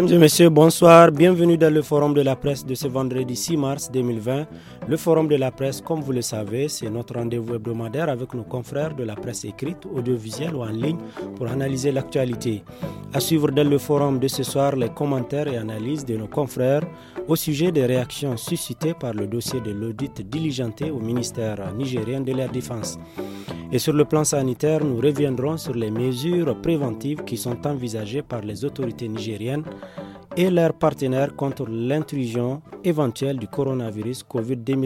Mesdames et messieurs, bonsoir. Bienvenue dans le forum de la presse de ce vendredi 6 mars 2020. Le Forum de la presse, comme vous le savez, c'est notre rendez-vous hebdomadaire avec nos confrères de la presse écrite, audiovisuelle ou en ligne pour analyser l'actualité. À suivre dans le forum de ce soir les commentaires et analyses de nos confrères au sujet des réactions suscitées par le dossier de l'audit diligenté au ministère nigérien de la Défense. Et sur le plan sanitaire, nous reviendrons sur les mesures préventives qui sont envisagées par les autorités nigériennes et leurs partenaires contre l'intrusion éventuelle du coronavirus COVID-19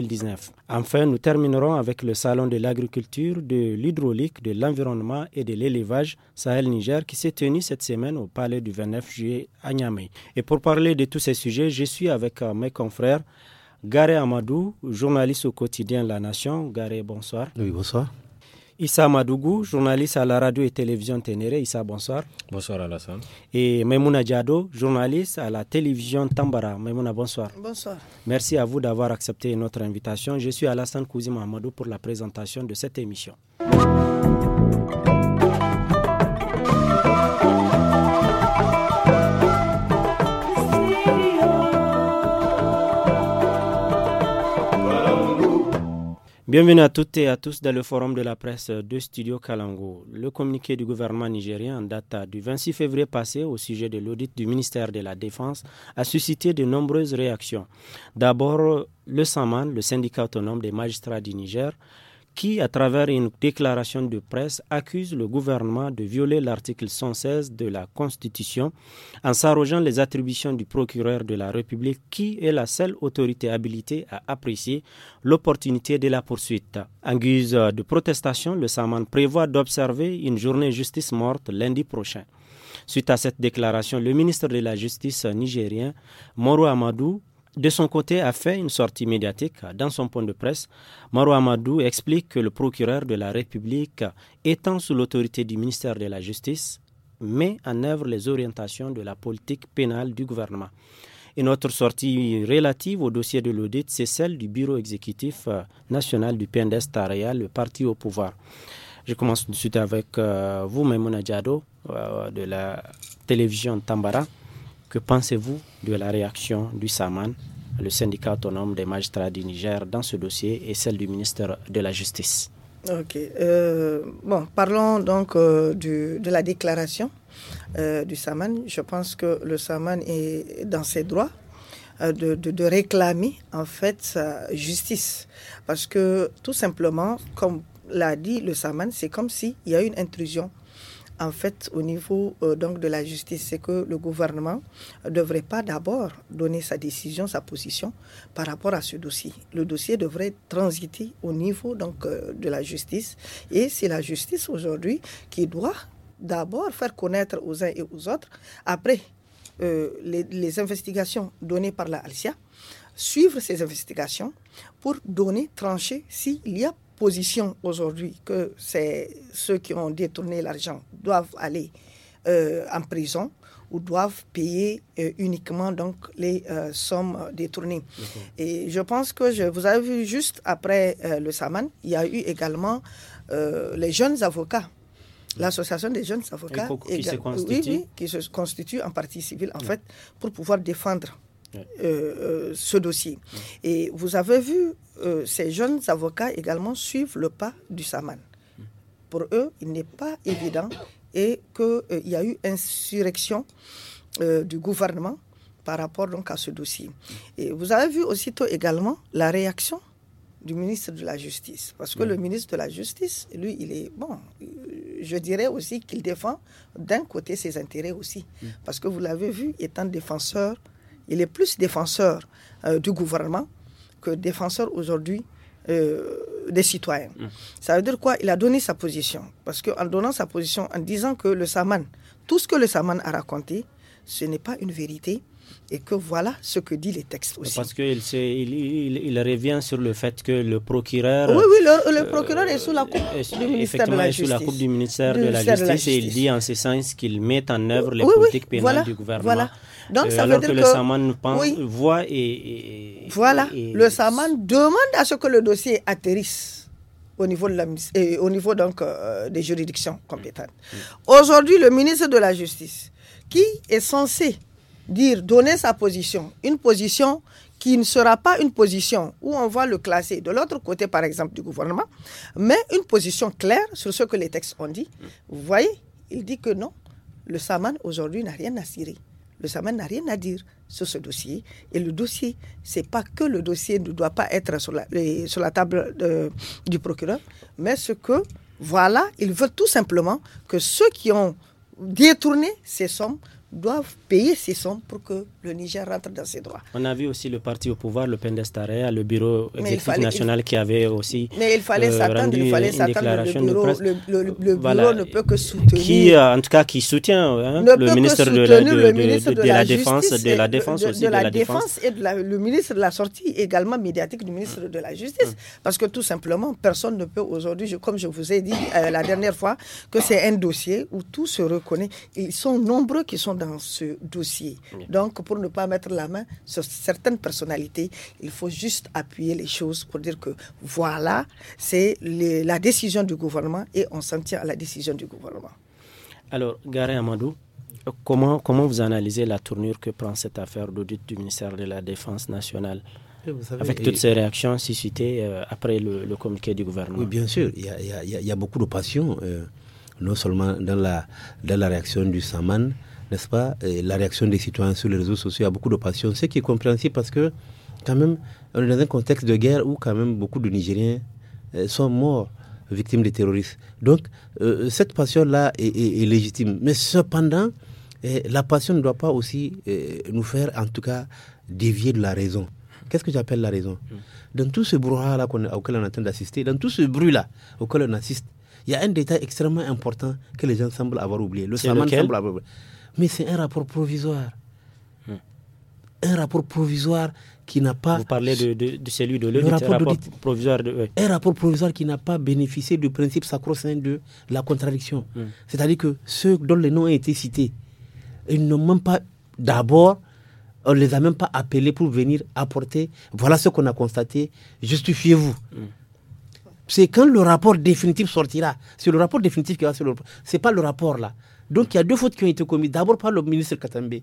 Enfin, nous terminerons avec le Salon de l'agriculture, de l'hydraulique, de l'environnement et de l'élevage Sahel-Niger qui s'est tenu cette semaine au Palais du 29 juillet à Niamey. Et pour parler de tous ces sujets, je suis avec euh, mes confrères Garé Amadou, journaliste au quotidien La Nation. Garé, bonsoir. Oui, bonsoir. Issa Madougou, journaliste à la radio et télévision Ténéré. Issa, bonsoir. Bonsoir Alassane. Et Maimouna Diado, journaliste à la télévision Tambara. Maimouna, bonsoir. Bonsoir. Merci à vous d'avoir accepté notre invitation. Je suis Alassane Cousin Mamadou pour la présentation de cette émission. Bienvenue à toutes et à tous dans le forum de la presse de Studio Kalango. Le communiqué du gouvernement nigérien en data du 26 février passé au sujet de l'audit du ministère de la Défense a suscité de nombreuses réactions. D'abord, le SAMAN, le syndicat autonome des magistrats du Niger, qui, à travers une déclaration de presse, accuse le gouvernement de violer l'article 116 de la Constitution en s'arrogeant les attributions du procureur de la République, qui est la seule autorité habilitée à apprécier l'opportunité de la poursuite. En guise de protestation, le Saman prévoit d'observer une journée justice morte lundi prochain. Suite à cette déclaration, le ministre de la Justice nigérien, Moro Amadou, de son côté, a fait une sortie médiatique dans son point de presse. Maroua Amadou explique que le procureur de la République, étant sous l'autorité du ministère de la Justice, met en œuvre les orientations de la politique pénale du gouvernement. Une autre sortie relative au dossier de l'audit, c'est celle du bureau exécutif euh, national du PNDS Tarea, le parti au pouvoir. Je commence tout de suite avec euh, vous, même Diado, euh, de la télévision Tambara. Que pensez-vous de la réaction du SAMAN, le syndicat autonome des magistrats du Niger, dans ce dossier et celle du ministre de la Justice Ok. Euh, bon, parlons donc euh, de la déclaration euh, du Saman. Je pense que le Saman est dans ses droits. De, réclamer en fait sa justice. Parce que tout simplement, comme l'a dit le Saman, c'est comme s'il y a une intrusion en fait, au niveau euh, donc de la justice, c'est que le gouvernement ne devrait pas d'abord donner sa décision, sa position par rapport à ce dossier. Le dossier devrait transiter au niveau donc euh, de la justice. Et c'est la justice aujourd'hui qui doit d'abord faire connaître aux uns et aux autres, après euh, les, investigations données par la Alcia, suivre ces investigations pour donner, trancher s'il y a position aujourd'hui que c'est ceux qui ont détourné l'argent doivent aller euh, en prison ou doivent payer euh, uniquement donc les euh, sommes détournées. Et je pense que je vous avez vu juste après le Saman, il y a eu également les jeunes avocats. L'association des jeunes avocats qui, se qui se constitue en partie civile en fait pour pouvoir défendre euh, euh, ce dossier. Et vous avez vu, euh, ces jeunes avocats également suivre le pas du Saman. Pour eux, il n'est pas évident et qu'il il y a eu insurrection du gouvernement par rapport donc à ce dossier. Et vous avez vu aussitôt également la réaction du ministre de la Justice. Parce que le ministre de la Justice, lui, il est bon. Je dirais aussi qu'il défend d'un côté ses intérêts aussi. Parce que vous l'avez vu, étant défenseur il est plus défenseur euh, du gouvernement que défenseur aujourd'hui euh, des citoyens. Mm. Ça veut dire quoi Il a donné sa position. Parce qu'en donnant sa position, en disant que le Saman, tout ce que le Saman a raconté, ce n'est pas une vérité, et que voilà ce que dit les textes aussi. Parce qu'il il, il, il, revient sur le fait que le procureur... Oui, oui, le, euh, procureur est sous la coupe du ministère de la Justice. sous la coupe du ministère, de, la justice, et il dit en ce sens qu'il met en œuvre les politiques pénales du gouvernement. Voilà. Donc, euh, ça veut dire que, le Saman pense, voit et, Voilà, le Saman demande à ce que le dossier atterrisse au niveau, de la, et au niveau donc, euh, des juridictions compétentes. Mm. Aujourd'hui, le ministre de la Justice, qui est censé dire, donner sa position, une position qui ne sera pas une position où on va le classer de l'autre côté, par exemple, du gouvernement, mais une position claire sur ce que les textes ont dit. Vous voyez, il dit que non, le Saman aujourd'hui n'a rien à cirer. Le Saman n'a rien à dire sur ce dossier. Et le dossier, ce n'est pas que le dossier ne doit pas être sur la, sur la table du procureur, mais ce que, voilà, il veut tout simplement que ceux qui ont détourné ces sommes doivent payer ces sommes pour que le Niger rentre dans ses droits. On a vu aussi le parti au pouvoir, le Pendestare, le bureau exécutif national qui avait aussi. Mais il fallait euh, s'attendre, il fallait s'attendre. Le bureau, le, le, ne peut que soutenir. Qui, euh, en tout cas, qui soutient hein, le, ministre de la, Défense, de la Défense De, la, Défense et le ministre de la Sortie, également médiatique du ministre de la Justice. Hum. Parce que tout simplement, personne ne peut aujourd'hui, comme je vous ai dit euh, la dernière fois, que c'est un dossier où tout se reconnaît. Ils sont nombreux qui sont dans ce dossier. Donc, pour ne pas mettre la main sur certaines personnalités, il faut juste appuyer les choses pour dire que voilà, c'est la décision du gouvernement et on s'en tient à la décision du gouvernement. Alors, Garé Amadou, comment, comment vous analysez la tournure que prend cette affaire d'audit du ministère de la Défense nationale avec toutes ces réactions suscitées euh, après le, communiqué du gouvernement. Oui, bien sûr, il y a, beaucoup de passion, euh, non seulement dans la, dans la réaction du Saman, n'est-ce pas, la réaction des citoyens sur les réseaux sociaux a beaucoup de passion, ce qui est compréhensible parce que quand même, on est dans un contexte de guerre où quand même beaucoup de Nigériens euh, sont morts victimes des terroristes. Donc, euh, cette passion-là est, légitime. Mais cependant, eh, la passion ne doit pas aussi eh, nous faire, en tout cas, dévier de la raison. Qu'est-ce que j'appelle la raison hmm. Dans tout ce brouhaha-là auquel on est en train d'assister, dans tout ce bruit-là auquel on assiste, il y a un détail extrêmement important que les gens semblent avoir oublié. Le saman avoir oublié mais c'est un rapport provisoire. Hmm. Un rapport provisoire qui n'a pas. Vous parlez de, de, de celui de l'audit, rapport, provisoire de, Un rapport provisoire qui n'a pas bénéficié du principe sacro-saint de la contradiction. Hmm. C'est-à-dire que ceux dont les noms ont été cités, ils n'ont même pas d'abord on ne les a même pas appelés pour venir apporter, voilà ce qu'on a constaté, justifiez-vous. Hmm. C'est quand le rapport définitif sortira, c'est le rapport définitif qui va sur le... C'est pas le rapport là, donc il y a deux fautes qui ont été commises. D'abord par le ministre Katambe,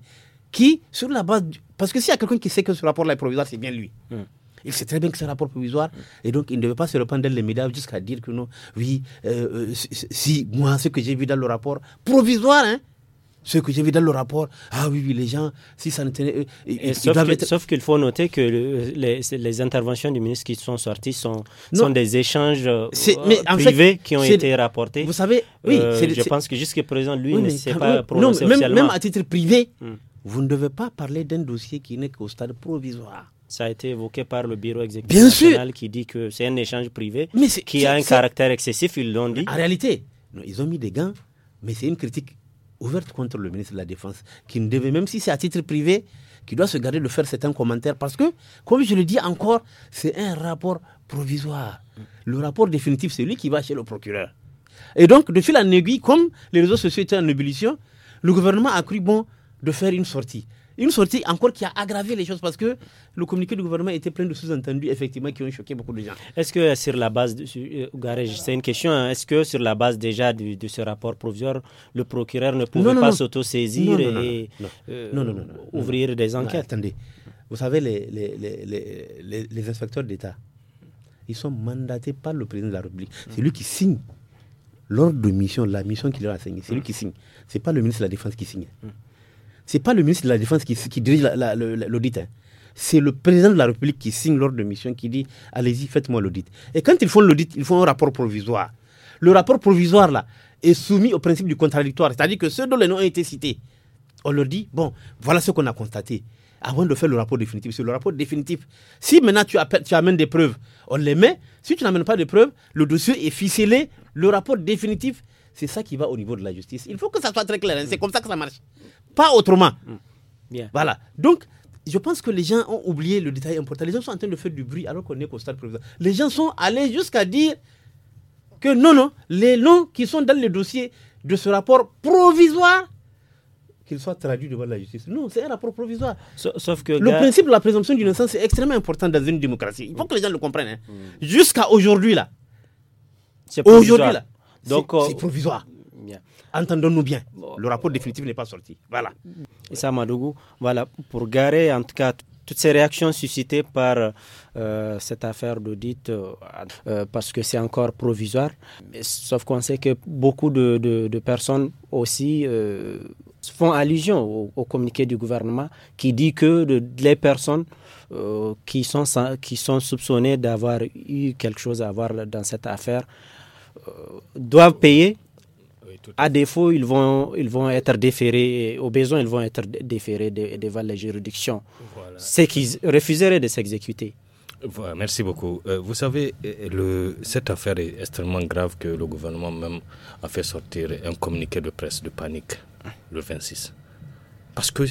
qui, sur la base. Parce que s'il y a quelqu'un qui sait que ce rapport-là est provisoire, c'est bien lui. Hmm. Il sait très bien que c'est un rapport provisoire. Hmm. Et donc, il ne devait pas se reprendre les médias jusqu'à dire que non, oui, euh, euh, si, moi, ce que j'ai vu dans le rapport, provisoire, hein, ce que j'ai vu dans le rapport, ah oui, oui, les gens, si ça ne tenait. sauf qu'il faut noter que les, les, interventions du ministre qui sont sorties sont, sont des échanges euh, privés qui ont été rapportés. Vous savez, oui. Euh, je pense que jusqu'à présent, lui ne s'est pas prononcé. même, à titre privé, hmm. vous ne devez pas parler d'un dossier qui n'est qu'au stade provisoire. Ça a été évoqué par le bureau exécutif national qui dit que c'est un échange privé qui a un caractère excessif, ils l'ont dit. En réalité, ils ont mis des gants, mais c'est une critique ouverte contre le ministre de la Défense, qui ne devait, même si c'est à titre privé, qui doit se garder de faire certains commentaires, parce que, comme je le dis encore, c'est un rapport provisoire. Le rapport définitif, c'est lui qui va chez le procureur. Et donc, de fil en aiguille, comme les réseaux sociaux étaient en ébullition, le gouvernement a cru bon de faire une sortie. Une sortie encore qui a aggravé les choses parce que le communiqué du gouvernement était plein de sous-entendus, effectivement, qui ont choqué beaucoup de gens. Est-ce que sur la base, de, euh, euh. c'est une question, hein. est-ce que sur la base déjà de, ce rapport provisoire, le procureur ne pouvait pas s'auto-saisir et ouvrir des enquêtes Attendez, vous savez, les, les inspecteurs d'État, ils sont mandatés par le président de la République. Mm. C'est lui qui signe l'ordre de mission, la mission qu'il leur a assignée. C'est lui mm. qui signe. Ce n'est pas le ministre de la Défense qui signe. Mm. Ce n'est pas le ministre de la Défense qui, dirige l'audit. Hein. C'est le président de la République qui signe l'ordre de mission qui dit allez-y, faites-moi l'audit. Et quand ils font l'audit, ils font un rapport provisoire. Le rapport provisoire, là, est soumis au principe du contradictoire. C'est-à-dire que ceux dont les noms ont été cités, on leur dit bon, voilà ce qu'on a constaté avant de faire le rapport définitif. C'est le rapport définitif. Si maintenant tu, amènes des preuves, on les met. Si tu n'amènes pas de preuves, le dossier est ficelé. Le rapport définitif, c'est ça qui va au niveau de la justice. Il faut que ça soit très clair. Hein. C'est mm. comme ça que ça marche pas autrement. Mm. Voilà. Donc, je pense que les gens ont oublié le détail important. Les gens sont en train de faire du bruit alors qu'on est au stade provisoire. Les gens sont allés jusqu'à dire que non, non, les noms qui sont dans le dossier de ce rapport provisoire, qu'il soit traduit devant la justice. Non, c'est un rapport provisoire. Sauf, que le principe de la présomption d'innocence est extrêmement important dans une démocratie. Il faut que les gens le comprennent. Hein. Mm. Jusqu'à aujourd'hui, là. Aujourd'hui, là. c'est provisoire. Euh, Entendons-nous bien. Le rapport définitif n'est pas sorti. Voilà. Issa Madougou, voilà, pour garer en tout cas toutes ces réactions suscitées par euh, cette affaire d'audit, euh, euh, parce que c'est encore provisoire, sauf qu'on sait que beaucoup de, personnes aussi font allusion au, communiqué du gouvernement qui dit que les personnes qui, sont, qui sont soupçonnées d'avoir eu quelque chose à voir dans cette affaire doivent payer à défaut, ils vont, ils vont être déférés, au besoin, ils vont être déférés devant la juridiction. Ceux qui refuseraient de s'exécuter. merci beaucoup. Euh, vous savez, euh, cette affaire est extrêmement grave que le gouvernement même a fait sortir un communiqué de presse de panique le 26. Parce que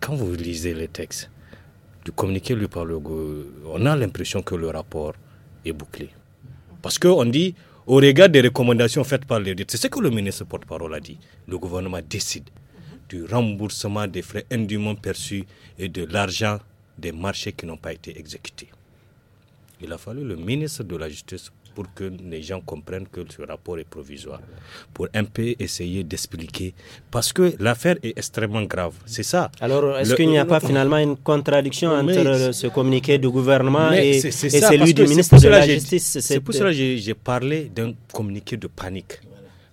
quand vous lisez les textes du communiqué lui par le on a l'impression que le rapport est bouclé. Parce qu'on dit, au regard des recommandations faites par les C'est ce que le ministre porte-parole a dit. Le gouvernement décide du remboursement des frais indûment perçus et de l'argent des marchés qui n'ont pas été exécutés. Il a fallu le ministre de la Justice pour que les gens comprennent que ce rapport est provisoire, pour un peu essayer d'expliquer, parce que l'affaire est extrêmement grave, c'est ça. Alors, est-ce qu'il n'y a pas finalement une contradiction entre ce communiqué du gouvernement et, celui du ministre de la Justice C'est pour cela que j'ai parlé d'un communiqué de panique,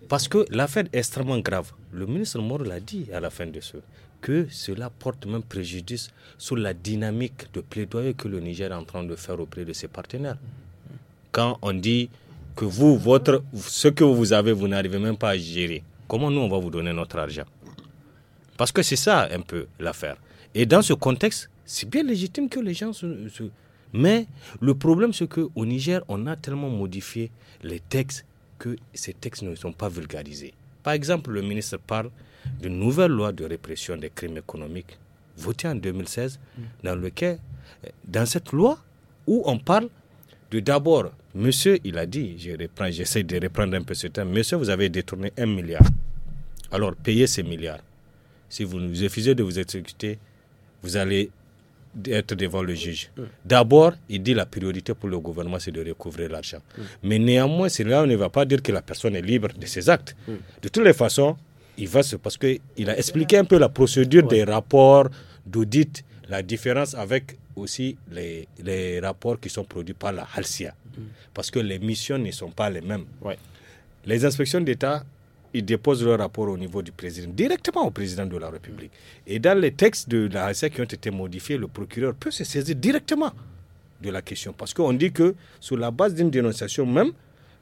parce que l'affaire est extrêmement grave. Le ministre Moro l'a dit à la fin de ce que cela porte même préjudice sur la dynamique de plaidoyer que le Niger est en train de faire auprès de ses partenaires quand on dit que vous, votre, ce que vous avez, vous n'arrivez même pas à gérer. Comment nous, on va vous donner notre argent Parce que c'est ça un peu l'affaire. Et dans ce contexte, c'est bien légitime que les gens se, Mais le problème, c'est qu'au Niger, on a tellement modifié les textes que ces textes ne sont pas vulgarisés. Par exemple, le ministre parle d'une nouvelle loi de répression des crimes économiques votée en 2016, mm. dans lequel, euh, dans cette loi, où on parle de d'abord Monsieur, il a dit, je reprends, j'essaie de reprendre un peu ce temps, monsieur, vous avez détourné un milliard. Alors payez ces milliards. Si vous nous refusez de vous exécuter, vous allez être devant le juge. Mm. D'abord, il dit la priorité pour le gouvernement, c'est de recouvrer l'argent. Mm. Mais néanmoins, on ne va pas dire que la personne est libre de ses actes. Mm. De toutes les façons, il va se... Parce qu'il a expliqué un peu la procédure des rapports d'audit, la différence avec aussi les, les rapports qui sont produits par la Halcia, mm. parce que les missions ne sont pas les mêmes. Les inspections d'État, ils déposent leur rapport au niveau du président, directement au président de la République. Mm. Et dans les textes de la Halcia qui ont été modifiés, le procureur peut se saisir directement de la question, parce qu'on dit que sur la base d'une dénonciation même,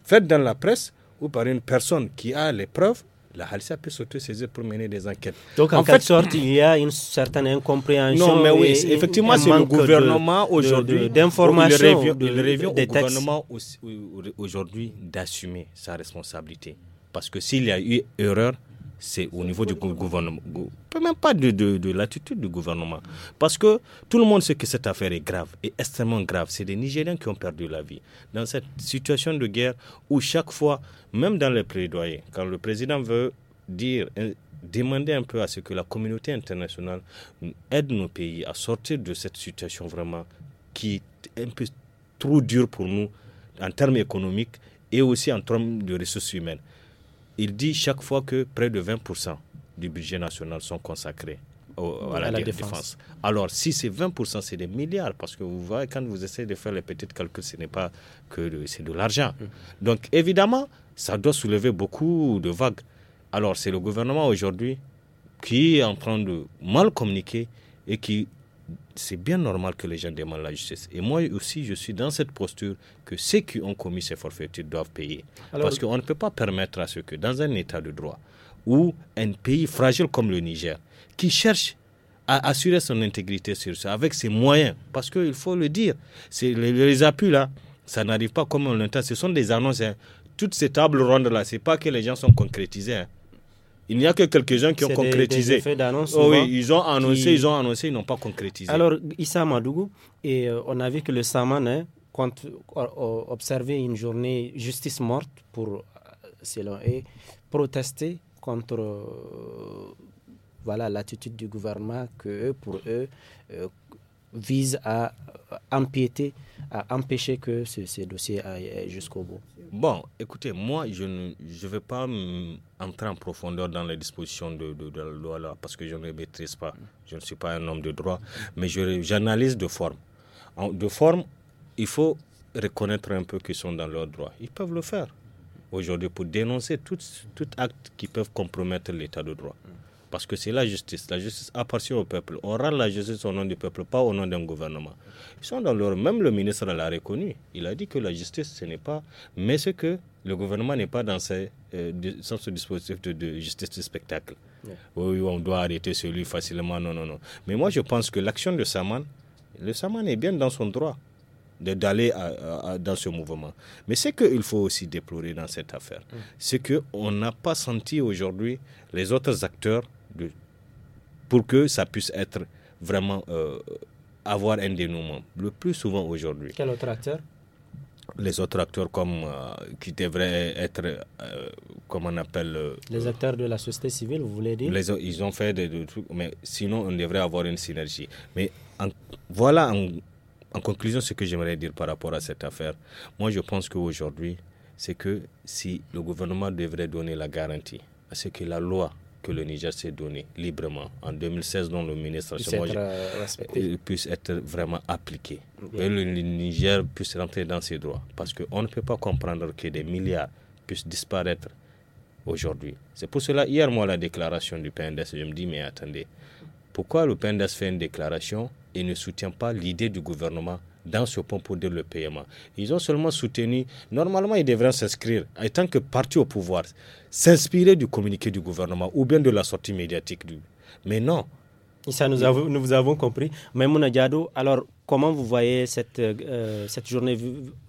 faite dans la presse ou par une personne qui a les preuves, la Halsa peut saisir pour mener des enquêtes. Donc, en, quelque fait, sorte, il y a une certaine incompréhension. Non, mais oui, effectivement, c'est le gouvernement aujourd'hui. D'information. Il revient gouvernement aujourd'hui d'assumer sa responsabilité. Parce que s'il y a eu erreur, c'est au niveau du gouvernement, même pas de, l'attitude du gouvernement. Parce que tout le monde sait que cette affaire est grave, est extrêmement grave. C'est des Nigériens qui ont perdu la vie. Dans cette situation de guerre où chaque fois, même dans les plaidoyers, quand le président veut dire, euh, demander un peu à ce que la communauté internationale aide nos pays à sortir de cette situation vraiment qui est un peu trop dure pour nous en termes économiques et aussi en termes de ressources humaines il dit chaque fois que près de 20% du budget national sont consacrés à, la, défense. Alors, si c'est 20%, c'est des milliards, parce que vous voyez, quand vous essayez de faire les petits calculs, ce n'est pas que c'est de l'argent. Mm-hmm. Donc, évidemment, ça doit soulever beaucoup de vagues. Alors, c'est le gouvernement aujourd'hui qui est en train de mal communiquer et qui c'est bien normal que les gens demandent la justice. Et moi aussi, je suis dans cette posture que ceux qui ont commis ces forfaitures doivent payer. Parce qu'on ne peut pas permettre à ceux que, dans un état de droit, ou un pays fragile comme le Niger, qui cherche à assurer son intégrité sur ça, avec ses moyens, parce qu'il faut le dire, les, les, appuis là, ça n'arrive pas comme on l'entend, ce sont des annonces. Hein. Toutes ces tables rondes là, c'est pas que les gens sont concrétisés. Hein. Il n'y a que quelques-uns qui ont concrétisé. Oh oui, ils ont annoncé, ils ont annoncé, ils n'ont pas concrétisé. Alors, Issa Madougou, et, euh, on a vu que le Saman, hein, quand euh, euh, une journée justice morte pour selon et protester contre voilà l'attitude du gouvernement que pour eux vise à euh, empiéter, à empêcher que ces dossiers dossier aille jusqu'au bout Bon, écoutez, moi, je ne je vais pas entrer en profondeur dans les dispositions de, la loi parce que je ne les maîtrise pas. Je ne suis pas un homme de droit, mais j'analyse de forme. de forme, il faut reconnaître un peu qu'ils sont dans leurs droits. Ils peuvent le faire aujourd'hui pour dénoncer tout, acte qui peut compromettre l'état de droit. Parce que c'est la justice. La justice appartient au peuple. On rend la justice au nom du peuple, pas au nom d'un gouvernement. Ils sont dans leur... Même le ministre l'a reconnu. Il a dit que la justice, ce n'est pas... Mais ce que le gouvernement n'est pas dans, ce euh, dispositif de, justice du spectacle. Oui, on doit arrêter celui facilement. Non, non, non. Mais moi, je pense que l'action de Saman, le Saman est bien dans son droit d'aller dans ce mouvement. Mais ce qu'il faut aussi déplorer dans cette affaire, mm. c'est qu'on n'a pas senti aujourd'hui les autres acteurs pour que ça puisse être vraiment euh, avoir un dénouement. Le plus souvent aujourd'hui. Quel autre acteur les autres acteurs comme euh, qui devraient être euh, comment comme on appelle les acteurs de la société civile vous voulez dire ils ont fait des, trucs mais sinon on devrait avoir une synergie mais voilà en, en, conclusion ce que j'aimerais dire par rapport à cette affaire moi je pense qu'aujourd'hui c'est que si le gouvernement devrait donner la garantie à ce que la loi que le Niger s'est donné librement en 2016 dont le ministre puisse, être, euh, puisse être vraiment appliqué. Et le Niger puisse rentrer dans ses droits. Parce qu'on ne peut pas comprendre que des milliards puissent disparaître aujourd'hui. C'est pour cela, hier, moi, la déclaration du PNDS, je me dis, mais attendez, pourquoi le PNDS fait une déclaration et ne soutient pas l'idée du gouvernement dans ce pont pour dire le paiement. Ils ont seulement soutenu. Normalement, ils devraient s'inscrire, en tant que parti au pouvoir, s'inspirer du communiqué du gouvernement ou bien de la sortie médiatique. Du... Mais non. Ça, nous, avons, vous avons compris. Mais Diado, alors comment vous voyez cette, euh, cette journée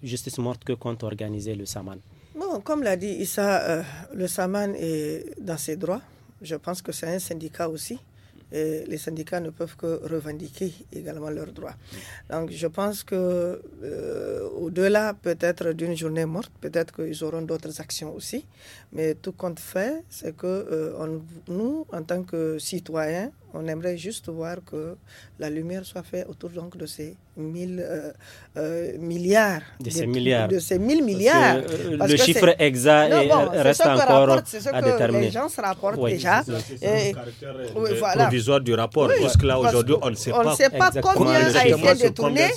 justice morte que compte organiser le Saman Bon, comme l'a dit Issa, euh, le Saman est dans ses droits. Je pense que c'est un syndicat aussi les syndicats ne peuvent que revendiquer également leurs droits. Donc je pense que euh, au-delà peut-être d'une journée morte, peut-être qu'ils auront d'autres actions aussi, mais tout compte fait, c'est que euh, nous, en tant que citoyens, on aimerait juste voir que la lumière soit faite autour donc de ces mille euh, euh milliards. De ces milliards. De ces mille milliards. le chiffre exact reste encore C'est ce à que déterminer. Les gens se rapportent déjà. C'est le caractère euh, provisoire du rapport. Oui, parce que là, aujourd'hui, on ne sait pas, sait pas combien a été détourné.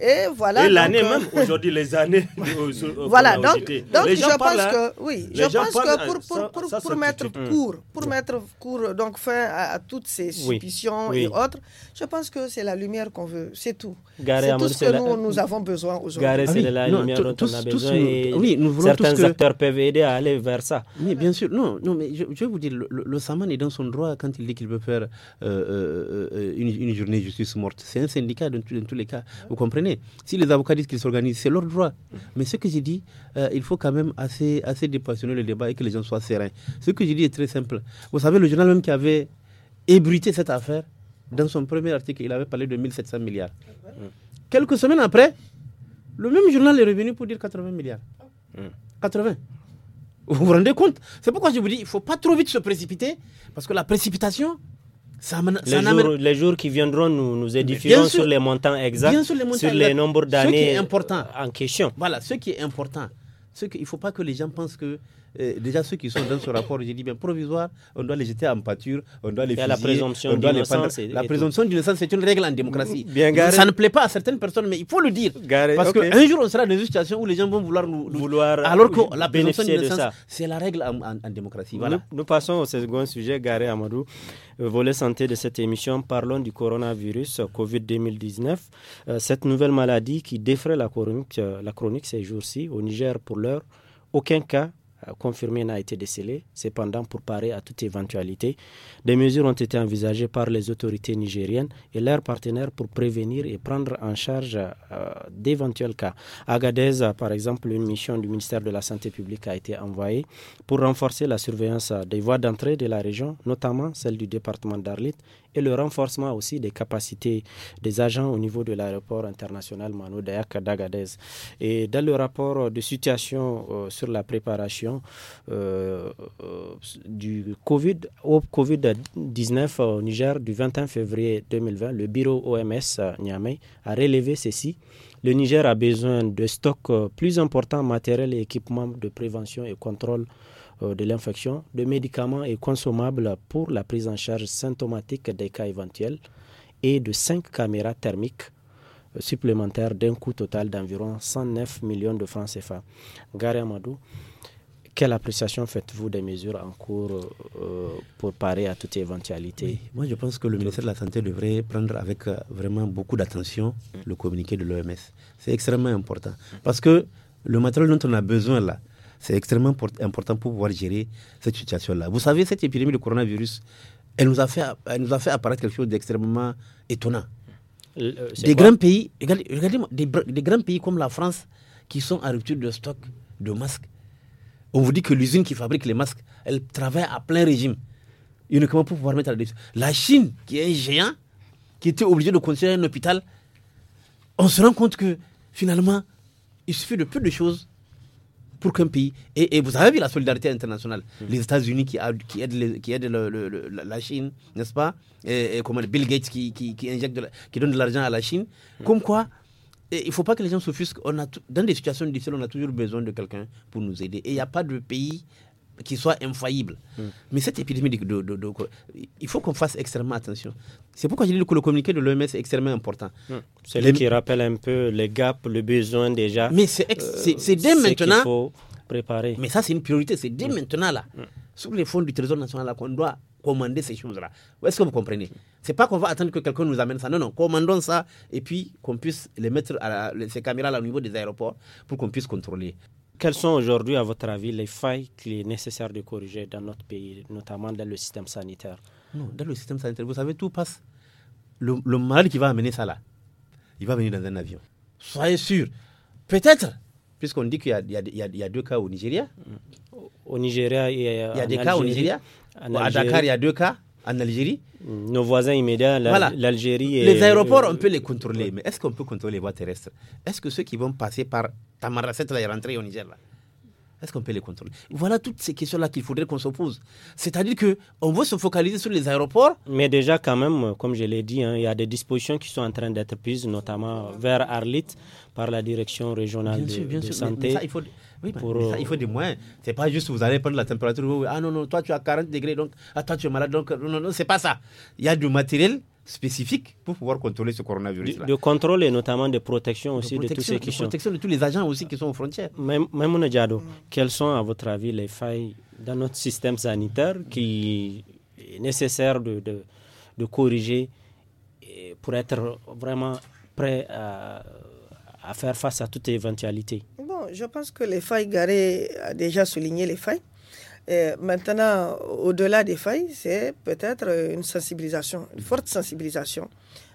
Et voilà. l'année euh, même, aujourd'hui, les années. voilà. Donc, je pense que, oui, je pense que pour, mettre court, pour mm. mettre court, donc fin à toutes ces et autres. Je pense que c'est la lumière qu'on veut, c'est tout. C'est tout ce que nous, avons besoin aujourd'hui. Ah oui, c'est la lumière dont on a besoin. oui, certains acteurs peuvent aider à aller vers ça. Mais bien sûr, non, non mais je, vais vous dire, le, le, Saman est dans son droit quand il dit qu'il veut faire euh, euh, euh, une, une, journée justice morte. C'est un syndicat dans, tous les cas, vous comprenez Si les avocats disent qu'ils s'organisent, c'est leur droit. Mais ce que j'ai dit, il faut quand même assez, assez dépassionner le débat et que les gens soient sereins. Ce que j'ai dit est très simple. Vous savez, le journal même qui avait ébruité cette affaire. Dans son premier article, il avait parlé de 1700 milliards. Quelques semaines après, le même journal est revenu pour dire 80 milliards. 80. Vous vous rendez compte C'est pourquoi je vous dis, il ne faut pas trop vite se précipiter, parce que la précipitation, ça amène, les, jours, qui viendront, nous nous édifierons sur, les montants exacts, sur les, montants sur les nombres d'années euh, en question. Voilà, ce qui est important. Ce il ne faut pas que les gens pensent que déjà ceux qui sont dans ce rapport, j'ai dit bien provisoire, on doit les jeter en pâture, on doit les faire. la présomption d'innocence. La présomption d'innocence, c'est une règle en démocratie. Ça ne plaît pas à certaines personnes, mais il faut le dire. parce qu'un jour, on sera dans une situation où les gens vont vouloir nous. vouloir euh, alors que la présomption d'innocence, c'est la règle en, démocratie. Voilà. Nous, passons au second sujet, Garé Amadou. Euh, volet santé de cette émission, parlons du coronavirus euh, COVID-2019. cette nouvelle maladie qui défraie la chronique, la chronique ces jours-ci au Niger pour l'heure. Aucun cas euh, confirmé n'a été décelé. Cependant, pour parer à toute éventualité, des mesures ont été envisagées par les autorités nigériennes et leurs partenaires pour prévenir et prendre en charge euh, d'éventuels cas. À Gadez, par exemple, une mission du ministère de la Santé publique a été envoyée pour renforcer la surveillance des voies d'entrée de la région, notamment celle du département d'Arlit le renforcement aussi des capacités des agents au niveau de l'aéroport international Mano Dayak d'Agadez. Et dans le rapport de situation euh, sur la préparation euh, euh, du COVID au COVID-19 au Niger du 21 février 2020, le bureau OMS Niamey a relevé ceci. Le Niger a besoin de stocks plus importants matériels et équipements de prévention et contrôle euh, de l'infection, de médicaments et consommables pour la prise en charge symptomatique des cas éventuels et de cinq caméras thermiques euh, supplémentaires d'un coût total d'environ 109 millions de francs CFA. Gary Amadou, quelle appréciation faites-vous des mesures en cours euh, pour parer à toute éventualité Moi, je pense que le ministère de la Santé devrait prendre avec vraiment beaucoup d'attention le communiqué de l'OMS. C'est extrêmement important parce que le matériel dont on a besoin là, c'est extrêmement important pour pouvoir gérer cette situation-là. Vous savez, cette épidémie de coronavirus, elle nous a fait, elle nous a fait apparaître quelque chose d'extrêmement étonnant. Euh, euh, des grands pays, regardez, moi des, grands pays comme la France qui sont en rupture de stock de masques. On vous dit que l'usine qui fabrique les masques, elle travaille à plein régime, uniquement pour pouvoir mettre à la La Chine, qui est un géant, qui était obligé de construire un hôpital, on se rend compte que finalement, il suffit de peu de choses pour qu'un pays. Et, vous avez vu la solidarité internationale. Mm. Les États-Unis qui, qui, aident, qui la Chine, n'est-ce pas et, Bill Gates qui, injecte qui donne de l'argent à la Chine. Mm. Comme quoi, il ne faut pas que les gens s'offusquent. a dans des situations difficiles, on a toujours besoin de quelqu'un pour nous aider. Et il n'y a pas de pays qui soit infaillible. Hmm. Mais cette épidémie, de, il faut qu'on fasse extrêmement attention. C'est pourquoi je dis que le communiqué de l'OMS est extrêmement important. Hmm. C'est lui qui rappelle un peu les gaps, le besoin déjà. Mais c'est euh, dès maintenant. Faut préparer. Mais ça, c'est une priorité. C'est dès hmm. maintenant, là, sur les fonds du Trésor national, là qu'on doit commander ces choses-là. Est-ce que vous comprenez C'est pas qu'on va attendre que quelqu'un nous amène ça. Non, non, commandons ça et puis qu'on puisse les mettre, à ces caméras-là au niveau des aéroports pour qu'on puisse contrôler. Quelles sont aujourd'hui, à votre avis, les failles qu'il est nécessaire de corriger dans notre pays, notamment dans le système sanitaire Non, dans le système sanitaire, vous savez, tout passe. Le, le mal qui va amener ça là, il va venir dans un avion. Soyez sûr. Peut-être, puisqu'on dit qu'il y, a deux cas au Nigeria. Au Nigeria, il y a, il y a des cas au Nigeria. À Dakar, il y a deux cas en Algérie. Mm, nos voisins immédiats, l'Algérie. Les aéroports, on peut les contrôler, mais est-ce qu'on peut contrôler les voies terrestres Est-ce que ceux qui vont passer par Tamaracet là, au Niger est-ce qu'on peut les contrôler Voilà toutes ces questions-là qu'il faudrait qu'on se pose. C'est-à-dire qu'on veut se focaliser sur les aéroports. Mais déjà, quand même, comme je l'ai dit, hein, il y a des dispositions qui sont en train d'être prises, notamment vers Arlit, par la direction régionale de, sûr, bien sûr. santé. il faut... Oui, euh, il faut des moyens. n'est pas juste vous allez prendre la température. Ah non, non, toi tu as 40 degrés, donc ah, toi tu es malade. Donc non, non, non c'est pas ça. Il y a du matériel spécifique pour pouvoir contrôler ce coronavirus. -là. De, contrôle et notamment de protection aussi de, tous ceux qui De protection de tous les agents aussi qui sont aux frontières. Même Diado, mm. quelles sont à votre avis les failles dans notre système sanitaire qui est nécessaire de, de, de corriger pour être vraiment prêt à, à faire face à toute éventualité je pense que les failles, garées a déjà souligné les failles. maintenant, au-delà des failles, c'est peut-être une sensibilisation, une forte sensibilisation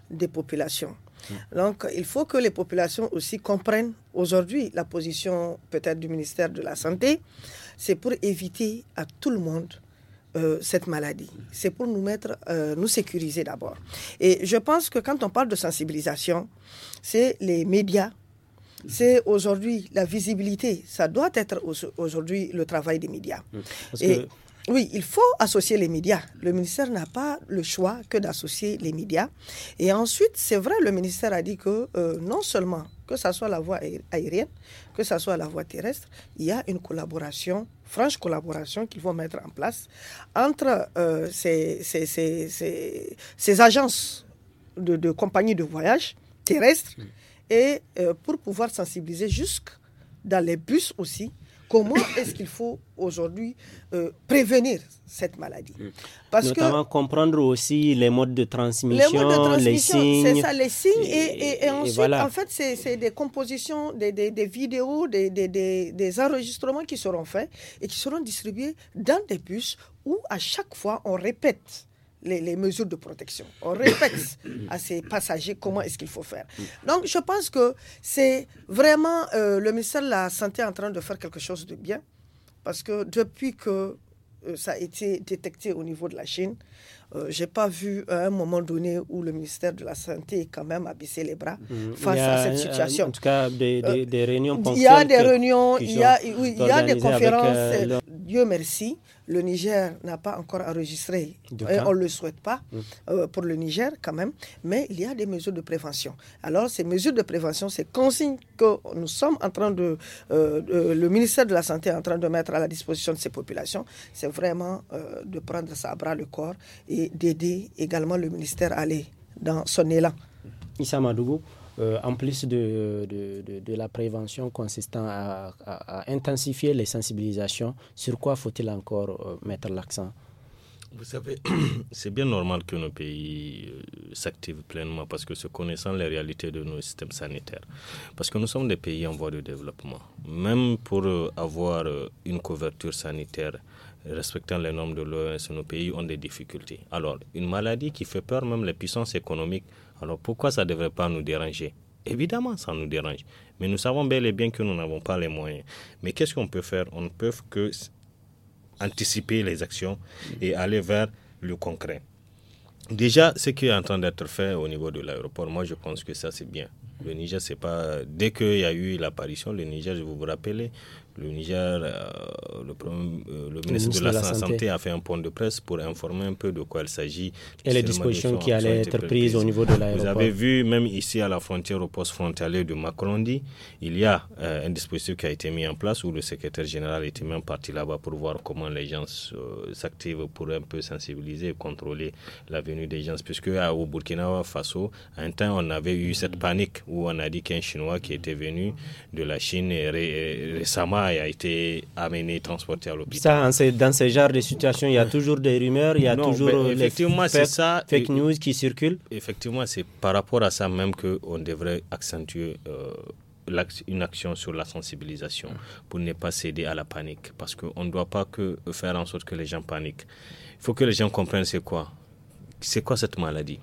des populations. Hmm. Donc, il faut que les populations aussi comprennent aujourd'hui la position peut-être du ministère de la Santé. C'est pour éviter à tout le monde euh, cette maladie. C'est pour nous mettre, euh, nous sécuriser d'abord. Et je pense que quand on parle de sensibilisation, c'est les médias c'est aujourd'hui la visibilité. Ça doit être aujourd'hui le travail des médias. Hum, Et Oui, il faut associer les médias. Le ministère n'a pas le choix que d'associer les médias. Et ensuite, c'est vrai, le ministère a dit que euh, non seulement que ce soit la voie aérienne, que ce soit la voie terrestre, il y a une collaboration, franche collaboration qu'il vont mettre en place entre euh, ces, ces, agences de, de compagnies de voyage terrestres. Hum et euh, pour pouvoir sensibiliser jusque dans les bus aussi, comment est-ce qu'il faut aujourd'hui euh, prévenir cette maladie mm. Notamment comprendre aussi les modes de transmission, les, signes. C'est ça, les signes. Et, ensuite, en fait, c'est des compositions, des, vidéos, des, des, enregistrements qui seront faits et qui seront distribués dans des bus où à chaque fois on répète les, mesures de protection. On réflexe à ces passagers comment est-ce qu'il faut faire. Donc, je pense que c'est vraiment euh, le ministère de la Santé en train de faire quelque chose de bien, parce que depuis que euh, ça a été détecté au niveau de la Chine, je euh, j'ai pas vu un moment donné où le ministère de la Santé est quand même a baissé les bras mhm. face à cette situation. En tout cas, des, euh, des, réunions Il y a des réunions, il y a, il y a des conférences. Euh, Dieu merci, le Niger n'a pas encore enregistré, et on ne le souhaite pas mm. pour le Niger quand même, mais il y a des mesures de prévention. Alors ces mesures de prévention, ces consignes que nous sommes en train de, le ministère de la Santé est en train de mettre à la disposition de ces populations, c'est vraiment de prendre ça à bras le corps et d'aider également le ministère à aller dans son élan. Issa Madougou, euh, en plus de, de, la prévention consistant à, intensifier les sensibilisations, sur quoi faut-il encore euh, mettre l'accent Vous savez, c'est bien normal que nos pays euh, s'activent pleinement parce que se connaissant les réalités de nos systèmes sanitaires, parce que nous sommes des pays en voie de développement, même pour avoir une couverture sanitaire respectant les normes de l'OMS, nos pays ont des difficultés. Alors, une maladie qui fait peur même les puissances économiques, alors pourquoi ça ne devrait pas nous déranger Évidemment, ça nous dérange. Mais nous savons bel et bien que nous n'avons pas les moyens. Mais qu'est-ce qu'on peut faire On ne peut que anticiper les actions et aller vers le concret. Déjà, ce qui est en train d'être fait au niveau de l'aéroport, moi je pense que ça c'est bien. Le Niger, c'est pas. Dès qu'il y a eu l'apparition, le Niger, je vous vous rappelez, le Niger, euh, le, euh, ministre de la, santé. a fait un point de presse pour informer un peu de quoi il s'agit. Et les dispositions qui allaient être prises au niveau de l'aéroport. Vous avez vu, même ici à la frontière, au poste frontalier de Macrondi, il y a euh, un dispositif qui a été mis en place où le secrétaire général était même parti là-bas pour voir comment les gens s'activent pour un peu sensibiliser et contrôler la venue des gens. Puisque au Burkina Faso, un temps, on avait eu cette panique où on a dit qu'un Chinois qui était venu de la Chine récemment a été amené, transporté à l'hôpital. Ça, dans ce genre de situation, il y a toujours des rumeurs, il y a toujours des euh, fake, ça, fake news qui circulent. Effectivement, c'est par rapport à ça même qu'on devrait accentuer euh, une action sur la sensibilisation pour ne pas céder à la panique. Parce qu'on ne doit pas que faire en sorte que les gens paniquent. Il faut que les gens comprennent c'est quoi. C'est quoi cette maladie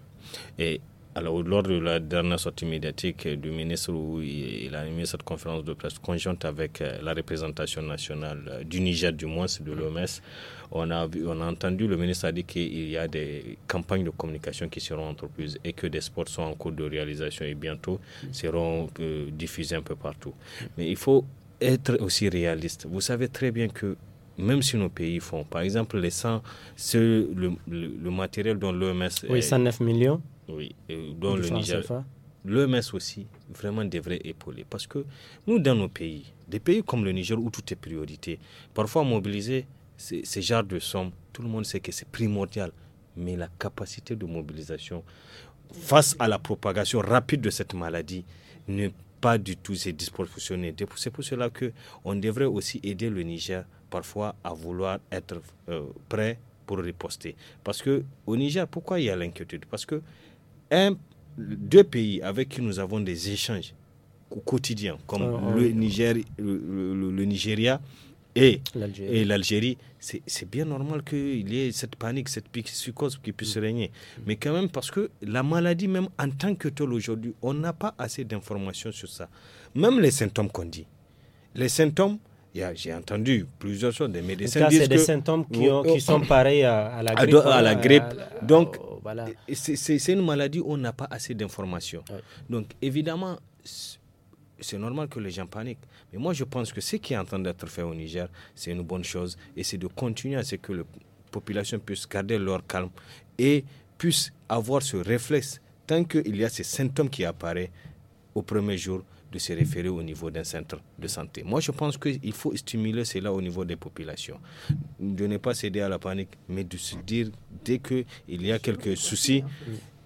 et alors, lors de la dernière sortie médiatique du ministre, où il a animé cette conférence de presse conjointe avec euh, la représentation nationale euh, du Niger, du moins, de l'OMS, on a, on a entendu le ministre a dit qu'il y a des campagnes de communication qui seront entreprises et que des sports sont en cours de réalisation et bientôt seront euh, diffusés un peu partout. Mais il faut être aussi réaliste. Vous savez très bien que même si nos pays font, par exemple, les le matériel dont l'OMS... Oui, 109 millions oui, euh, dans le Niger. L'OMS aussi vraiment devrait épauler. Parce que nous, dans nos pays, des pays comme le Niger où tout est priorité, parfois mobiliser ces genres de sommes, tout le monde sait que c'est primordial. Mais la capacité de mobilisation face à la propagation rapide de cette maladie n'est pas du tout disproportionnée. C'est pour cela que on devrait aussi aider le Niger parfois à vouloir être euh, prêt pour riposter. Parce que au Niger, pourquoi il y a l'inquiétude Parce que deux pays avec qui nous avons des échanges au quotidien comme ah, ah le, Niger, le, Nigeria et l'Algérie, c'est bien normal qu'il y ait cette panique, cette psychose qui puisse mm. régner. Mm. Mais quand même, parce que la maladie, même en tant que telle aujourd'hui, on n'a pas assez d'informations sur ça. Même les symptômes qu'on dit. Les symptômes, j'ai entendu plusieurs choses, des médecins disent c'est des symptômes qui, oh, oh, sont oh. pareils à, la grippe. À, la grippe. Donc, c'est une maladie où on n'a pas assez d'informations. Donc, évidemment, c'est normal que les gens paniquent. Mais moi, je pense que ce qui est en train d'être fait au Niger, c'est une bonne chose. Et c'est de continuer à ce que la population puisse garder leur calme et puisse avoir ce réflexe. Tant qu'il y a ces symptômes qui apparaissent au premier jour, de se référer au niveau d'un centre de santé. Moi, je pense qu'il faut stimuler cela au niveau des populations. De ne pas céder à la panique, mais de se dire dès qu'il y a quelques soucis,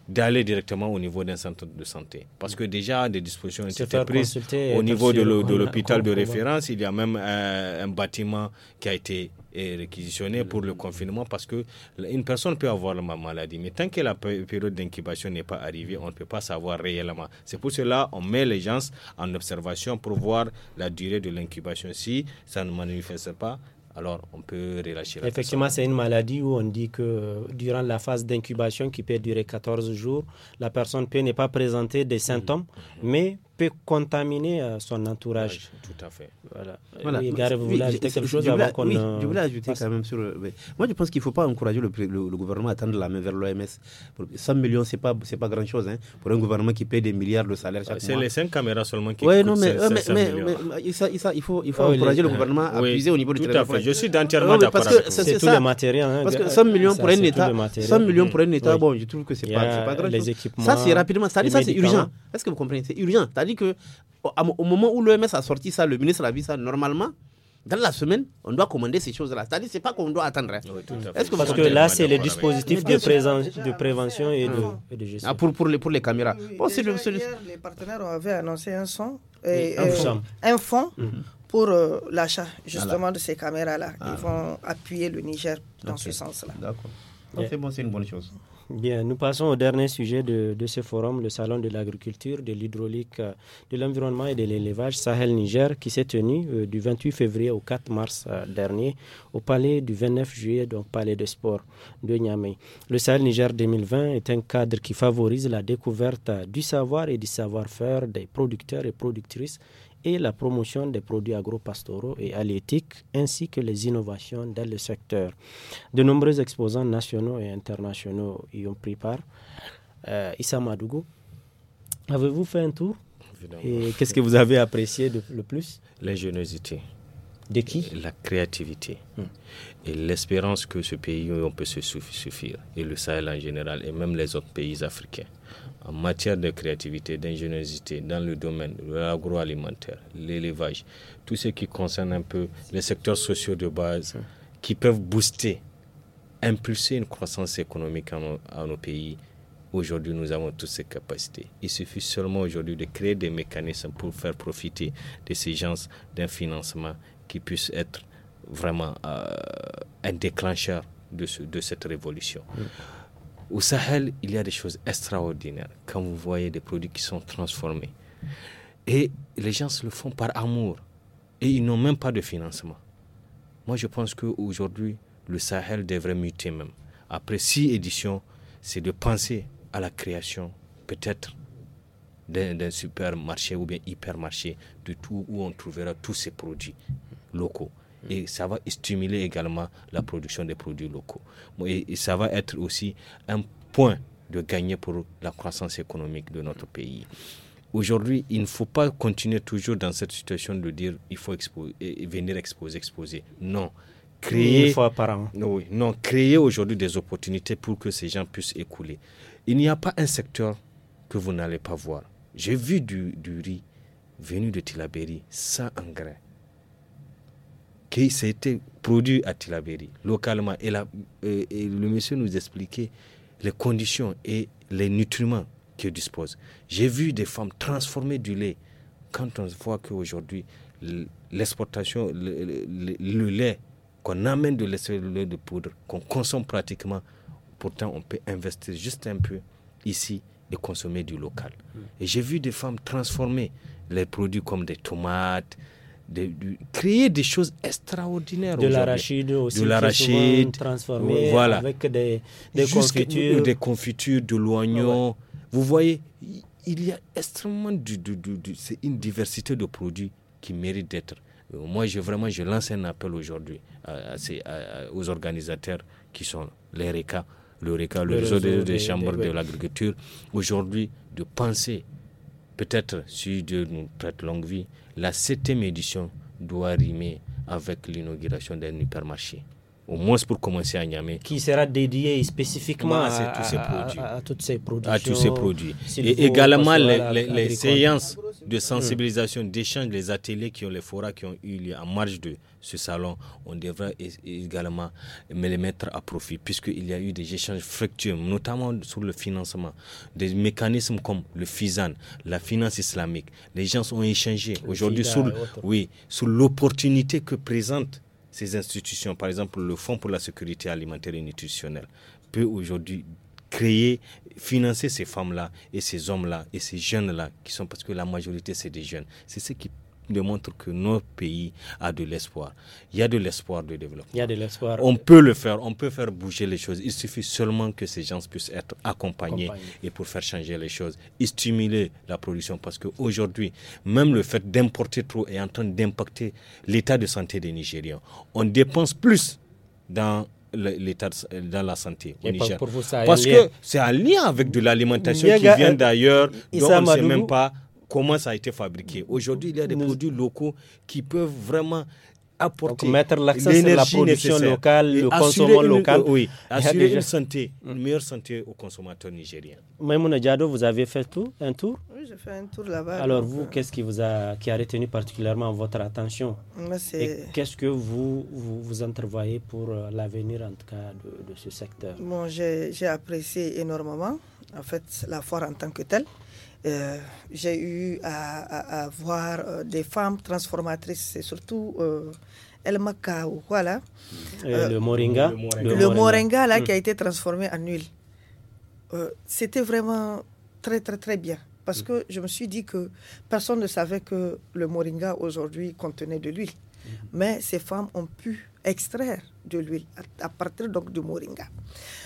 d'aller directement au niveau d'un centre de santé. Parce que déjà, des dispositions ont été prises au niveau de l'hôpital de, référence. Il y a même un bâtiment qui a été euh, réquisitionné pour le confinement parce que une personne peut avoir la maladie, mais tant que la période d'incubation n'est pas arrivée, on ne peut pas savoir réellement. C'est pour cela on met les gens en observation pour voir la durée de l'incubation. Si ça ne manifeste pas, alors on peut relâcher la Effectivement, c'est une maladie où on dit que euh, durant la phase d'incubation qui peut durer 14 jours, la personne peut ne pas présenter des mhm. symptômes, mhm. mais peut contaminer euh, son entourage. Tout à fait. Voilà. voilà. vous voulez ajouter quelque chose euh, je voulais, ajouter quand même sur. moi, je pense qu'il ne faut pas encourager le, gouvernement à tendre la main vers l'OMS. 100 millions, ce n'est pas, pas grand-chose hein, pour un gouvernement qui paye des milliards de salaires chaque mois. C'est les 5 caméras seulement qui. Oui, non, mais, euh, mais, il faut, il faut ah encourager le gouvernement à puiser au niveau du travail. Tout à fait. Je suis entièrement ah d'accord. Parce que c'est tout le matériel. Hein, parce que 100 millions pour un État, 100 millions pour un État, bon, je trouve que ce n'est pas grand-chose. Ça, c'est rapidement. Ça, c'est urgent. Est-ce que vous comprenez C'est urgent. C'est-à-dire que au moment où l'OMS a sorti ça, le ministre a vu ça normalement. Dans la semaine, on doit commander ces choses-là. C'est-à-dire, c'est pas qu'on doit attendre. Hein. Parce que là, c'est les dispositifs de, prévention et, de, ah. gestion. Ah, pour, pour, les, pour les caméras. les partenaires avaient annoncé un, son un, fonds, mhm. pour euh, l'achat justement de ces caméras-là. Ils ah. vont appuyer le Niger dans ce sens-là. D'accord. Yeah. C'est une bonne chose. Bien, nous passons au dernier sujet de, ce forum, le Salon de l'agriculture, de l'hydraulique, euh, de l'environnement et de l'élevage Sahel-Niger, qui s'est tenu euh, du 28 février au 4 mars euh, dernier au palais du 29 juillet, donc palais de sport de Niamey. Le Sahel-Niger 2020 est un cadre qui favorise la découverte du savoir et du savoir-faire des producteurs et productrices et la promotion des produits agropastoraux et halieutiques ainsi que les innovations dans le secteur. De nombreux exposants nationaux et internationaux y ont pris part. Euh, Issa Madougou, avez-vous fait un tour Et qu'est-ce que vous avez apprécié de, le plus L'ingéniosité. De qui La créativité hmm. et l'espérance que ce pays, on peut se suffire, et le Sahel en général, et même les autres pays africains en matière de créativité, d'ingéniosité dans le domaine de l'agroalimentaire, l'élevage, tout ce qui concerne un peu les secteurs sociaux de base qui peuvent booster, impulser une croissance économique à nos, pays. Aujourd'hui, nous avons toutes ces capacités. Il suffit seulement aujourd'hui de créer des mécanismes pour faire profiter de ces gens d'un financement qui puisse être vraiment euh, un déclencheur de, de cette révolution. Au Sahel, il y a des choses extraordinaires quand vous voyez des produits qui sont transformés. Et les gens se le font par amour. Et ils n'ont même pas de financement. Moi, je pense qu'aujourd'hui, le Sahel devrait muter même. Après six éditions, c'est de penser à la création, peut-être, d'un supermarché ou bien hypermarché, de tout où on trouvera tous ces produits locaux. Mm. Et ça va stimuler également la production des produits locaux. Et, ça va être aussi un point de gagner pour la croissance économique de notre pays. Aujourd'hui, il ne faut pas continuer toujours dans cette situation de dire il faut venir exposer, exposer. Non. Créer, non, créer aujourd'hui des opportunités pour que ces gens puissent écouler. Il n'y a pas un secteur que vous n'allez pas voir. J'ai vu du, du, riz venu de Tilaberi sans engrais qui s'était produit à Tilaberi, localement. Euh, et, le monsieur nous expliquait les conditions et les nutriments qu'il dispose. J'ai vu des femmes transformer du lait. Quand on voit qu'aujourd'hui, l'exportation, le, lait qu'on amène de l'extérieur, le lait de poudre, qu'on consomme pratiquement, pourtant on peut investir juste un peu ici et consommer du local. Mmh. Et j'ai vu des femmes transformer les produits comme des tomates, de, créer des choses extraordinaires. De l'arachide aussi. De l'arachide. Transformé euh, voilà. avec des, des confitures. Des confitures, de l'oignon. Ah Vous voyez, il y a extrêmement. Du, c'est une diversité de produits qui mérite d'être. Euh, moi, je, vraiment, je lance un appel aujourd'hui à, aux organisateurs qui sont les RECA, le RECA, le, réseau, des, chambres de l'agriculture, aujourd'hui de penser peut-être si Dieu nous prête longue vie, la septième édition doit rimer avec l'inauguration d'un hypermarché. Au moins pour commencer à Niamey. Qui sera dédié spécifiquement à, tous ces produits. À, toutes ces tous ces produits. Et également les séances de hmm. sensibilisation, d'échange, les ateliers qui ont les forats qui ont eu lieu en marge de ce salon, on devrait également les mettre à profit, puisqu'il y a eu des échanges fructueux, notamment sur le financement, des mécanismes comme le FISAN, la finance islamique. Les gens ont échangé aujourd'hui sur, oui, sur l'opportunité que présentent ces institutions, par exemple le Fonds pour la sécurité alimentaire et nutritionnelle, peut aujourd'hui créer, financer ces femmes-là et ces hommes-là et ces jeunes-là, qui sont parce que la majorité, c'est des jeunes. C'est ce qui démontre que notre pays a de l'espoir. Il y a de l'espoir de développement. Il y a de l'espoir. On peut le faire, on peut faire bouger les choses. Il suffit seulement que ces gens puissent être accompagnés et pour faire changer les choses et stimuler la production parce qu'aujourd'hui, même le fait d'importer trop est en train d'impacter l'état de santé des Nigériens. On dépense plus dans l'état dans la santé au Niger. Parce que c'est un lien avec de l'alimentation qui vient euh, d'ailleurs, donc on ne sait même pas comment ça a été fabriqué. Aujourd'hui, il y a des produits locaux qui peuvent vraiment apporter Donc, mettre la production locale, le consommant local. oui, assurer une santé, une meilleure santé aux consommateurs nigériens. Maimouna Diado, vous avez fait tout, un tour j'ai fait un tour là-bas. Alors, vous, euh, qu'est-ce qui vous a, qui a retenu particulièrement votre attention Et qu'est-ce que vous, vous, entrevoyez pour euh, l'avenir, en tout cas, de, ce secteur bon, J'ai apprécié énormément, en fait, la foire en tant que telle. Euh, j'ai eu à, voir des femmes transformatrices et surtout euh, El Macao, voilà. le moringa. Le là, mm. qui a été transformé en huile. C'était vraiment très, très, très bien. Parce mm. que je me suis dit que personne ne savait que le moringa aujourd'hui contenait de l'huile. Mm. Mais ces femmes ont pu extraire de l'huile à, partir donc du moringa.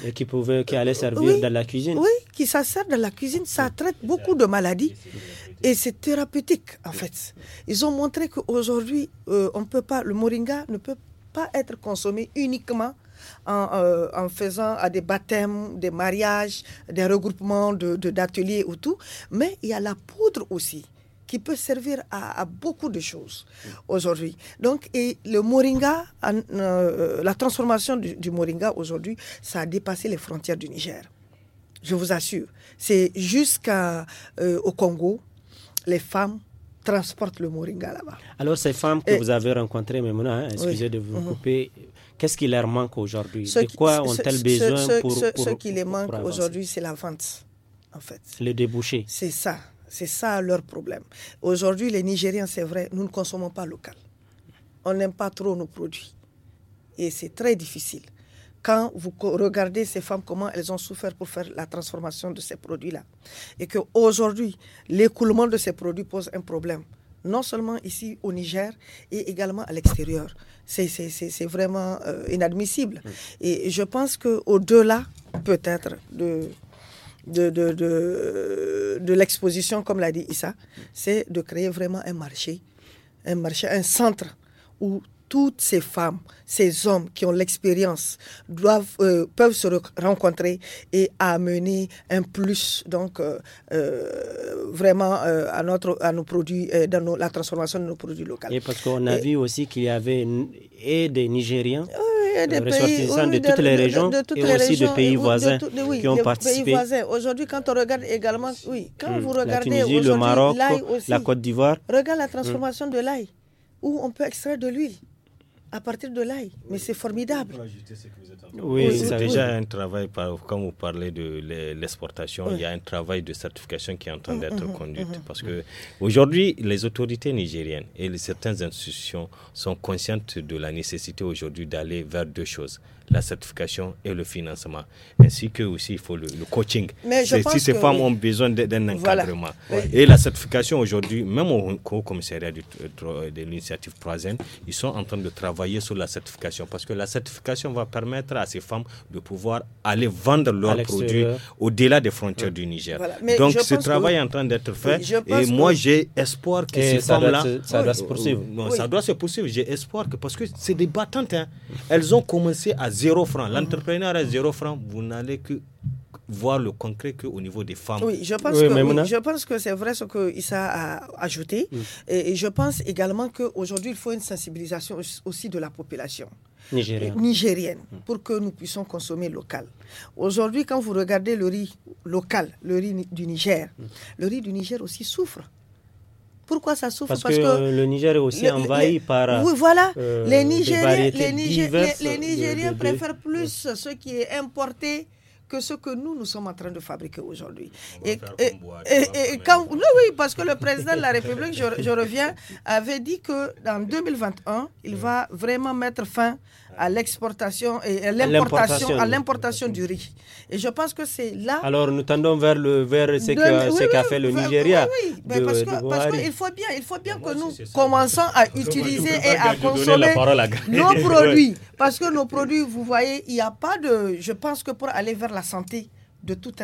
Et qui pouvait, qui allait euh, servir dans la cuisine. Oui, qui ça sert dans la cuisine, ça traite beaucoup de maladies et c'est thérapeutique en fait. Ils ont montré qu'aujourd'hui, euh, on peut pas, le moringa ne peut pas être consommé uniquement euh, en, faisant à des baptêmes, des mariages, des regroupements d'ateliers de, de ou tout. Mais il y a la poudre aussi qui peut servir à, beaucoup de choses aujourd'hui. Donc, et le moringa, euh, la transformation du, moringa aujourd'hui, ça a dépassé les frontières du Niger. Je vous assure. C'est jusqu'au euh, au Congo, les femmes transportent le moringa là-bas. Alors, ces femmes que vous avez rencontrées, maintenant, hein, excusez de vous mhm. couper, Qu'est-ce qui leur manque aujourd'hui De quoi ont-elles besoin ce, pour, ce qui les manque aujourd'hui, c'est la vente, en fait. Le débouché. C'est ça. C'est ça leur problème. Aujourd'hui, les Nigériens, c'est vrai, nous ne consommons pas local. On n'aime pas trop nos produits. Et c'est très difficile. Quand vous regardez ces femmes, comment elles ont souffert pour faire la transformation de ces produits-là. Et qu'aujourd'hui, l'écoulement de ces produits pose un problème non seulement ici au Niger et également à l'extérieur. C'est vraiment euh, inadmissible. Et je pense qu'au-delà, peut-être, de, de, de, de l'exposition, comme l'a dit Issa, c'est de créer vraiment un marché, un marché, un centre où toutes ces femmes, ces hommes qui ont l'expérience doivent euh, peuvent se rencontrer et amener un plus donc euh, euh, vraiment à notre à nos produits dans la transformation de nos produits locaux. Et parce qu'on a vu aussi qu'il y avait et des Nigériens des de, toutes les régions de, et aussi de pays voisins qui ont participé. Aujourd'hui, quand on regarde également, oui, quand hmm, vous regardez la le Maroc, la Côte d'Ivoire, regarde la transformation hmm. de l'ail où on peut extraire de l'huile à partir de l'ail. Mais c'est formidable. Oui, c'est déjà un travail, quand vous parlez de l'exportation, il y a un travail de certification qui est en train mm, d'être mm, conduit. Mm, parce que aujourd'hui, les autorités nigériennes et certaines institutions sont conscientes de la nécessité aujourd'hui d'aller vers deux choses la certification et le financement, ainsi que aussi il faut le, coaching. Mais je pense si ces femmes ont besoin d'un encadrement. Et la certification aujourd'hui, même au, au commissariat euh, euh, de l'initiative troisième, ils sont en train de travailler sur la certification parce que la certification va permettre à ces femmes de pouvoir aller vendre leurs produits au-delà des frontières du Niger. Donc ce travail est en train d'être fait et moi j'ai espoir que ces femmes-là... Ça doit se poursuivre. ça doit se poursuivre. J'ai espoir que... Parce que c'est des battantes. Hein. Elles ont commencé à zéro franc. L'entrepreneur à zéro franc, vous n'allez que voir le concret qu'au niveau des femmes. Oui, je pense que, je pense que c'est vrai ce que Issa a ajouté. Et, et, je pense également qu'aujourd'hui, il faut une sensibilisation aussi de la population nigérienne. nigérienne hmm. pour que nous puissions consommer local. Aujourd'hui, quand vous regardez le riz local, le riz du Niger, hmm. le riz du Niger aussi souffre. Pourquoi ça souffre Parce, que, le Niger est aussi envahi par. Oui, voilà. Euh, les Nigériens, les, Nigériens préfèrent plus ce qui est importé que ce que nous, nous sommes en train de fabriquer aujourd'hui. Et, et, quand, oui, parce que le président de la République, je, je reviens, avait dit que dans 2021, il mm. va vraiment mettre fin à l'exportation et à l'importation du riz. Et je pense que c'est là. Alors nous tendons vers le vers ce qu'a fait le Nigeria. Oui, parce qu'il faut bien, il faut bien que nous commençons à utiliser et à consommer nos produits, parce que nos produits, vous voyez, il n'y a pas de. Je pense que pour aller vers la santé,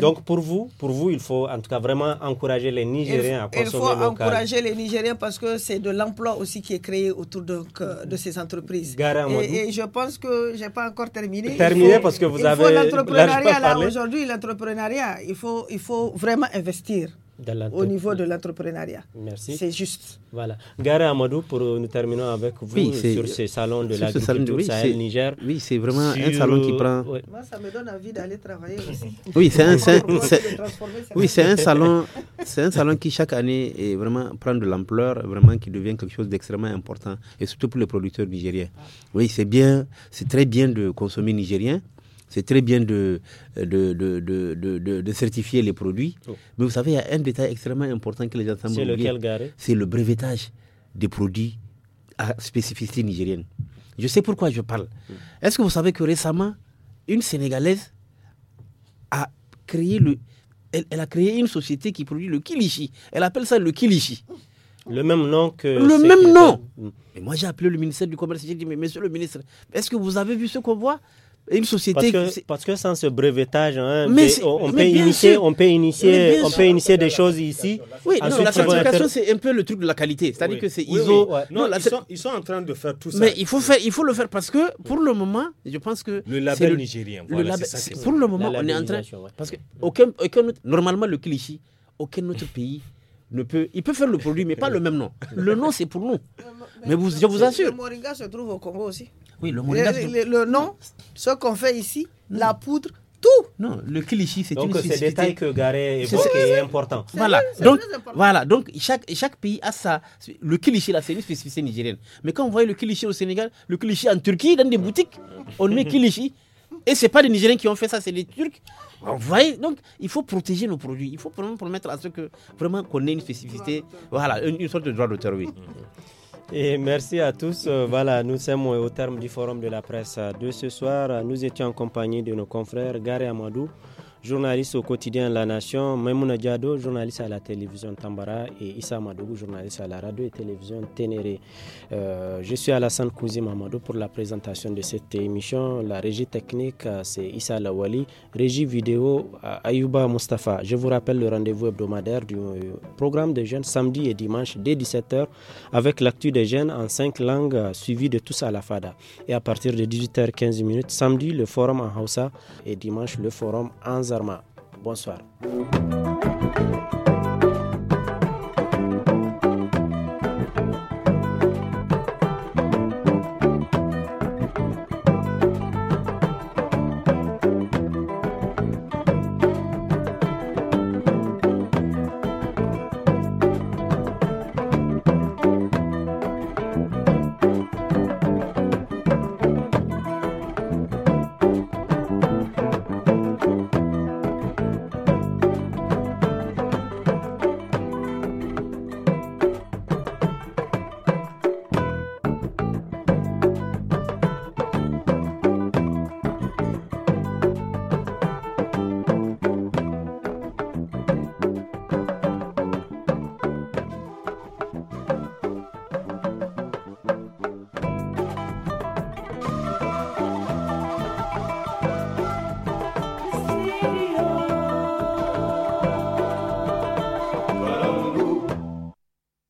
donc pour vous, pour vous, il faut en tout cas vraiment encourager les Nigériens à consommer local. Il faut encourager les Nigériens parce que c'est de l'emploi aussi qui est créé autour de, de ces entreprises. Et, et, je pense que je n'ai pas encore terminé. Terminé parce que vous avez... Il l'entrepreneuriat aujourd'hui, l'entrepreneuriat. Il faut, il faut vraiment investir au niveau de l'entrepreneuriat. Merci. C'est juste. Voilà. Gare Amadou, pour, nous terminons avec vous oui, sur ce salon de l'agriculture oui, Sahel-Niger. Oui, c'est vraiment un salon qui prend... Moi, ça me donne envie d'aller travailler aussi. Oui, c'est un, oui, un, salon, un salon qui, chaque année, est vraiment, prend de l'ampleur, vraiment qui devient quelque chose d'extrêmement important, et surtout pour les producteurs nigériens. Oui, c'est bien, c'est très bien de consommer nigérien, c'est très bien de de, certifier les produits. Oh. Mais vous savez, il y a un détail extrêmement important que les gens semblent C'est lequel, C'est le brevetage des produits à spécificité nigérienne. Je sais pourquoi je parle. Hmm. Est-ce que vous savez que récemment, une Sénégalaise a créé le... Elle, a créé une société qui produit le kilichi. Elle appelle ça le kilichi. Le même nom que. Le même nom. Et hmm. moi, j'ai appelé le ministère du Commerce. J'ai dit, mais monsieur le ministre, est-ce que vous avez vu ce qu'on voit une société parce que, parce que sans ce brevetage hein, on, peut initier, on, peut initier on peut des choses ici la certification c'est un peu le truc de la qualité c'est à dire que c'est ISO ils, sont, en train de faire tout ça mais il faut faire il faut le faire parce que pour le moment je pense que le label nigérien pour le moment on est en train parce que aucun, normalement le cliché aucun autre pays ne peut, il peut faire le produit, mais pas le même nom. Le nom, c'est pour nous. Mais, vous, je vous assure. Le moringa se trouve au Congo aussi le nom, ce qu'on fait ici, la poudre, tout. Non, le cliché, c'est une Donc, des détail que Garé évoque est, important. voilà. donc, important. voilà. Donc, chaque, chaque pays a ça. Le cliché, la c'est une spécificité nigérienne. Mais quand on voit le cliché au Sénégal, le cliché en Turquie, dans des boutiques, on met cliché. Et c'est pas les Nigériens qui ont fait ça, c'est les Turcs. Vous voyez, donc il faut protéger nos produits. Il faut vraiment promettre à ceux que vraiment qu'on ait une spécificité, voilà, une, une sorte de droit d'auteur, oui. Mm-hmm. Et merci à tous. Euh, voilà, nous sommes au terme du forum de la presse de ce soir. Nous étions en compagnie de nos confrères Gary Amadou journaliste au quotidien La Nation, Maimouna Diado, journaliste à la télévision Tambara et Issa Madou, journaliste à la radio et télévision Ténéré. Euh, je suis Alassane Kouzi Mamadou pour la présentation de cette émission. La régie technique, euh, c'est Issa Lawali. Régie vidéo, euh, Ayouba Mustafa. Je vous rappelle le rendez-vous hebdomadaire du programme des jeunes samedi et dimanche dès 17h avec l'actu des jeunes en cinq langues suivi de tous à la FADA. Et à partir de 18h15 samedi, le forum en Hausa et dimanche, le forum en Zan Bonsoir.